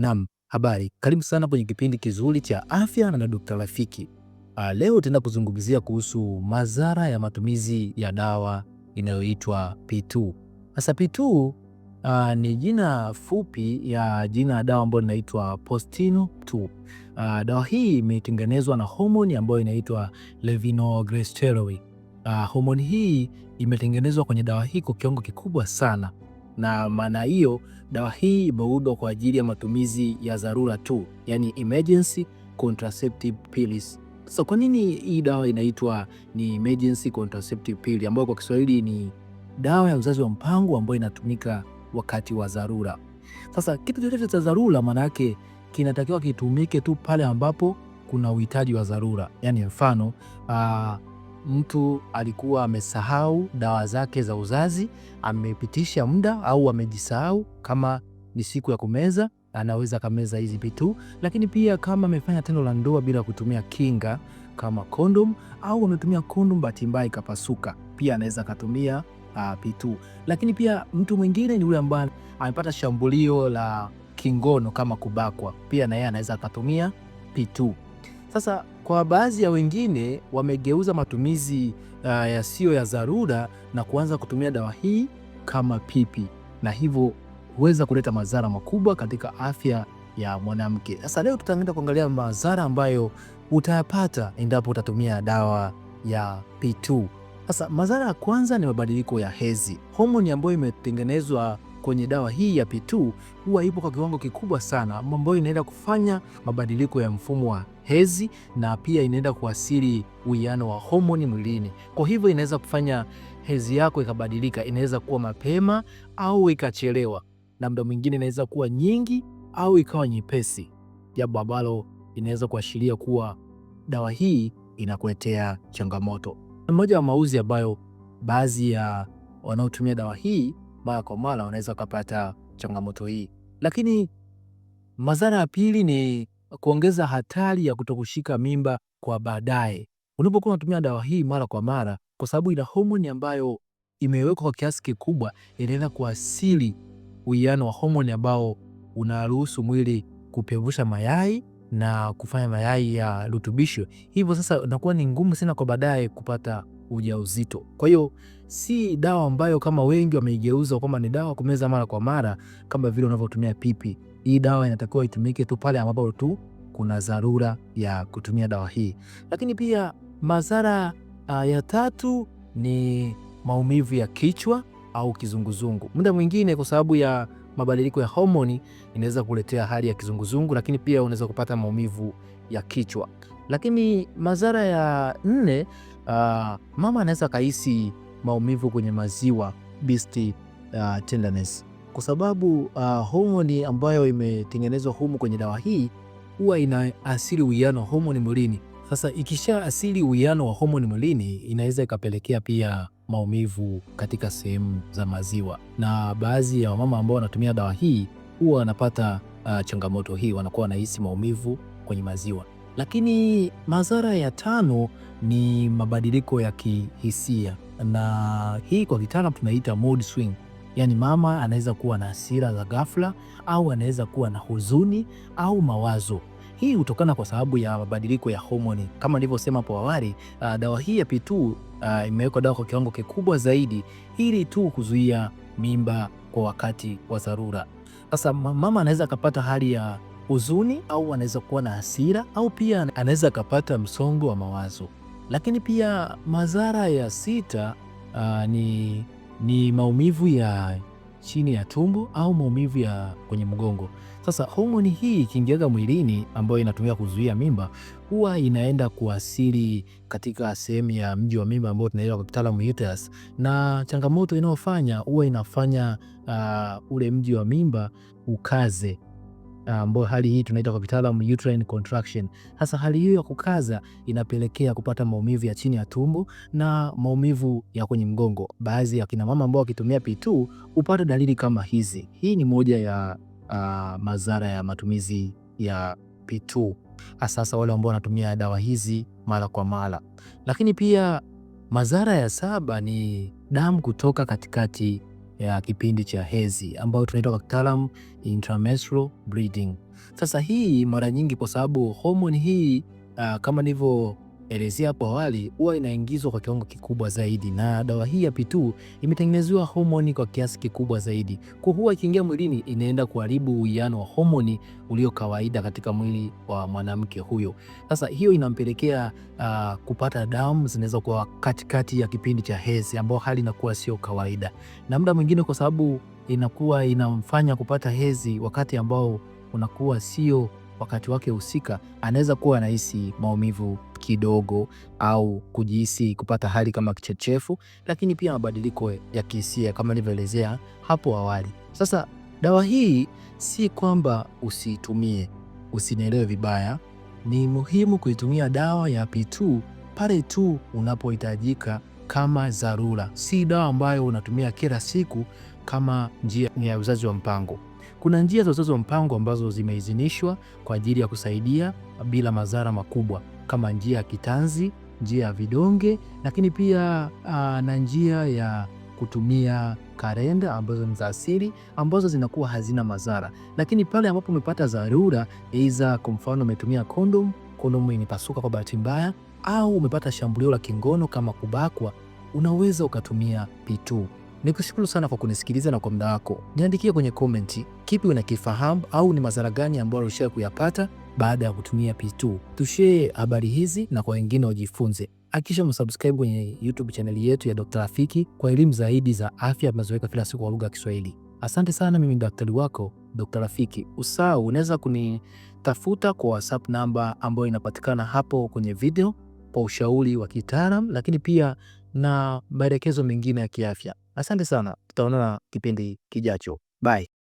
Naam, habari, karibu sana kwenye kipindi kizuri cha afya na Dokta Rafiki. Ah, leo tenda kuzungumzia kuhusu madhara ya matumizi ya dawa inayoitwa P2. Sasa P2 uh, ah, ni jina fupi ya jina ya dawa ambayo inaitwa Postino 2. Uh, ah, dawa hii imetengenezwa na homoni ambayo inaitwa levonorgestrel. Uh, homoni hii imetengenezwa kwenye dawa hii kwa kiwango kikubwa sana na maana hiyo dawa hii imeundwa kwa ajili ya matumizi ya dharura tu, yani emergency contraceptive pills. So kwa nini hii dawa inaitwa ni emergency contraceptive pill, ambayo kwa Kiswahili ni dawa ya uzazi wa mpango ambayo inatumika wakati wa dharura? Sasa kitu chochote cha dharura, maana yake kinatakiwa kitumike tu pale ambapo kuna uhitaji wa dharura, yani mfano mtu alikuwa amesahau dawa zake za uzazi, amepitisha muda au amejisahau. Kama ni siku ya kumeza, anaweza kameza hizi pitu. Lakini pia kama amefanya tendo la ndoa bila kutumia kinga kama kondom, au ametumia kondom bahati mbaya ikapasuka, pia anaweza akatumia uh, pitu. Lakini pia mtu mwingine ni yule ambaye amepata shambulio la kingono kama kubakwa, pia na yeye anaweza akatumia pitu. Sasa kwa baadhi ya wengine wamegeuza matumizi uh, yasiyo ya dharura na kuanza kutumia dawa hii kama pipi, na hivyo huweza kuleta madhara makubwa katika afya ya mwanamke. Sasa leo tutaenda kuangalia madhara ambayo utayapata endapo utatumia dawa ya P2. Sasa madhara ya kwanza ni mabadiliko ya hezi Homoni ambayo imetengenezwa kwenye dawa hii ya P2 huwa ipo kwa kiwango kikubwa sana, ambayo inaenda kufanya mabadiliko ya mfumo wa hezi na pia inaenda kuasili uwiano wa homoni mwilini. Kwa hivyo inaweza kufanya hezi yako ikabadilika, inaweza kuwa mapema au ikachelewa, na muda mwingine inaweza kuwa nyingi au ikawa nyepesi, jambo ambalo inaweza kuashiria kuwa dawa hii inakuletea changamoto. Mmoja wa mauzi ambayo baadhi ya wanaotumia dawa hii mara kwa mara unaweza ukapata changamoto hii. Lakini madhara ya pili ni kuongeza hatari ya kutokushika mimba kwa baadaye. Unapokuwa unatumia dawa hii mara kwa mara, kwa sababu ina homoni ambayo imewekwa kwa kiasi kikubwa, inaweza kuasili uwiano wa homoni ambao unaruhusu mwili kupevusha mayai na kufanya mayai ya rutubisho. Hivyo sasa inakuwa ni ngumu sana kwa baadaye kupata ujauzito. Kwa hiyo si dawa ambayo kama wengi wameigeuza kwamba ni dawa kumeza mara kwa mara kama vile unavyotumia pipi. Hii dawa inatakiwa itumike tu pale ambapo tu kuna dharura ya kutumia dawa hii. Lakini pia madhara uh, ya tatu ni maumivu ya kichwa au kizunguzungu. Muda mwingine kwa sababu ya mabadiliko ya homoni inaweza kuletea hali ya kizunguzungu, lakini pia unaweza kupata maumivu ya kichwa. Lakini madhara ya nne, uh, mama anaweza kahisi maumivu kwenye maziwa beast uh, tenderness, kwa sababu uh, homoni ambayo imetengenezwa humu kwenye dawa hii huwa ina asili uwiano wa homoni mwilini. Sasa ikisha asili uwiano wa homoni mwilini, inaweza ikapelekea pia maumivu katika sehemu za maziwa, na baadhi ya wamama ambao wanatumia dawa hii huwa wanapata uh, changamoto hii, wanakuwa wanahisi maumivu kwenye maziwa. Lakini madhara ya tano ni mabadiliko ya kihisia, na hii kwa kitaalam tunaita mood swing. Yaani mama anaweza kuwa na hasira za ghafla au anaweza kuwa na huzuni au mawazo. Hii hutokana kwa sababu ya mabadiliko ya homoni. Kama nilivyosema hapo awali, uh, dawa hii ya P2 uh, ah, imewekwa dawa kwa kiwango kikubwa zaidi ili tu kuzuia mimba kwa wakati wa dharura. Sasa mama anaweza akapata hali ya huzuni au anaweza kuwa na hasira au pia anaweza akapata msongo wa mawazo. Lakini pia madhara ya sita uh, ni, ni maumivu ya chini ya tumbo au maumivu ya kwenye mgongo. Sasa homoni hii ikiingiaga mwilini ambayo inatumika kuzuia mimba huwa inaenda kuasili katika sehemu ya mji wa mimba ambayo tunaelewa kwa kitaalamu uterus, na changamoto inayofanya huwa inafanya uh, ule mji wa mimba ukaze Eh, ambayo hali hii tunaita kwa kitaalamu uterine contraction. Hasa hali hiyo ya kukaza inapelekea kupata maumivu ya chini ya tumbo na maumivu ya kwenye mgongo. Baadhi ya kina mama ambao wakitumia P2 hupata dalili kama hizi. Hii ni moja ya uh, madhara ya matumizi ya P2, hasa wale ambao wanatumia dawa hizi mara kwa mara. Lakini pia madhara ya saba ni damu kutoka katikati ya kipindi cha hezi ambayo tunaitwa kwa kitaalamu intramenstrual bleeding. Sasa hii mara nyingi kwa sababu homoni hii uh, kama nilivyo nilivyoelezea hapo awali, huwa inaingizwa kwa kiwango kikubwa zaidi, na dawa hii ya P2 imetengenezewa homoni kwa kiasi kikubwa zaidi, kwa huwa ikiingia mwilini inaenda kuharibu uwiano wa homoni ulio kawaida katika mwili wa mwanamke huyo. Sasa hiyo inampelekea uh, kupata damu zinaweza kuwa katikati ya kipindi cha hedhi, ambao hali inakuwa sio kawaida, na muda mwingine kwa sababu inakuwa inamfanya kupata hedhi wakati ambao unakuwa sio wakati wake husika, anaweza kuwa anahisi maumivu kidogo au kujihisi kupata hali kama kichechefu, lakini pia mabadiliko ya kihisia kama nilivyoelezea hapo awali. Sasa dawa hii si kwamba usiitumie, usinielewe vibaya. Ni muhimu kuitumia dawa ya P2 pale tu unapohitajika kama dharura. Si dawa ambayo unatumia kila siku kama njia ya uzazi wa mpango. Kuna njia za uzazi wa mpango ambazo zimeidhinishwa kwa ajili ya kusaidia bila madhara makubwa kama njia ya kitanzi, njia ya vidonge, lakini pia uh, na njia ya kutumia karenda ambazo ni za asili ambazo zinakuwa hazina madhara. Lakini pale ambapo umepata dharura, aidha kwa mfano umetumia kondom, kondom imepasuka kwa bahati mbaya, au umepata shambulio la kingono kama kubakwa, unaweza ukatumia P2. Nikushukuru sana kwa kunisikiliza na kwa muda wako. Niandikie kwenye komenti kipi unakifahamu au ni madhara gani ambayo ulishawahi kuyapata baada ya kutumia P2. Tushare habari hizi na kwa wengine wajifunze. Hakikisha msubscribe kwenye YouTube chaneli yetu ya Dr. Rafiki kwa elimu zaidi za afya mazoeka kila siku kwa lugha ya Kiswahili. Asante sana, mimi ni daktari wako Dr. Rafiki. Usahau, unaweza kunitafuta kwa WhatsApp namba ambayo inapatikana hapo kwenye video kwa ushauri wa kitaalam, lakini pia na maelekezo mengine ya kiafya. Asante sana, tutaonana kipindi kijacho. Bye.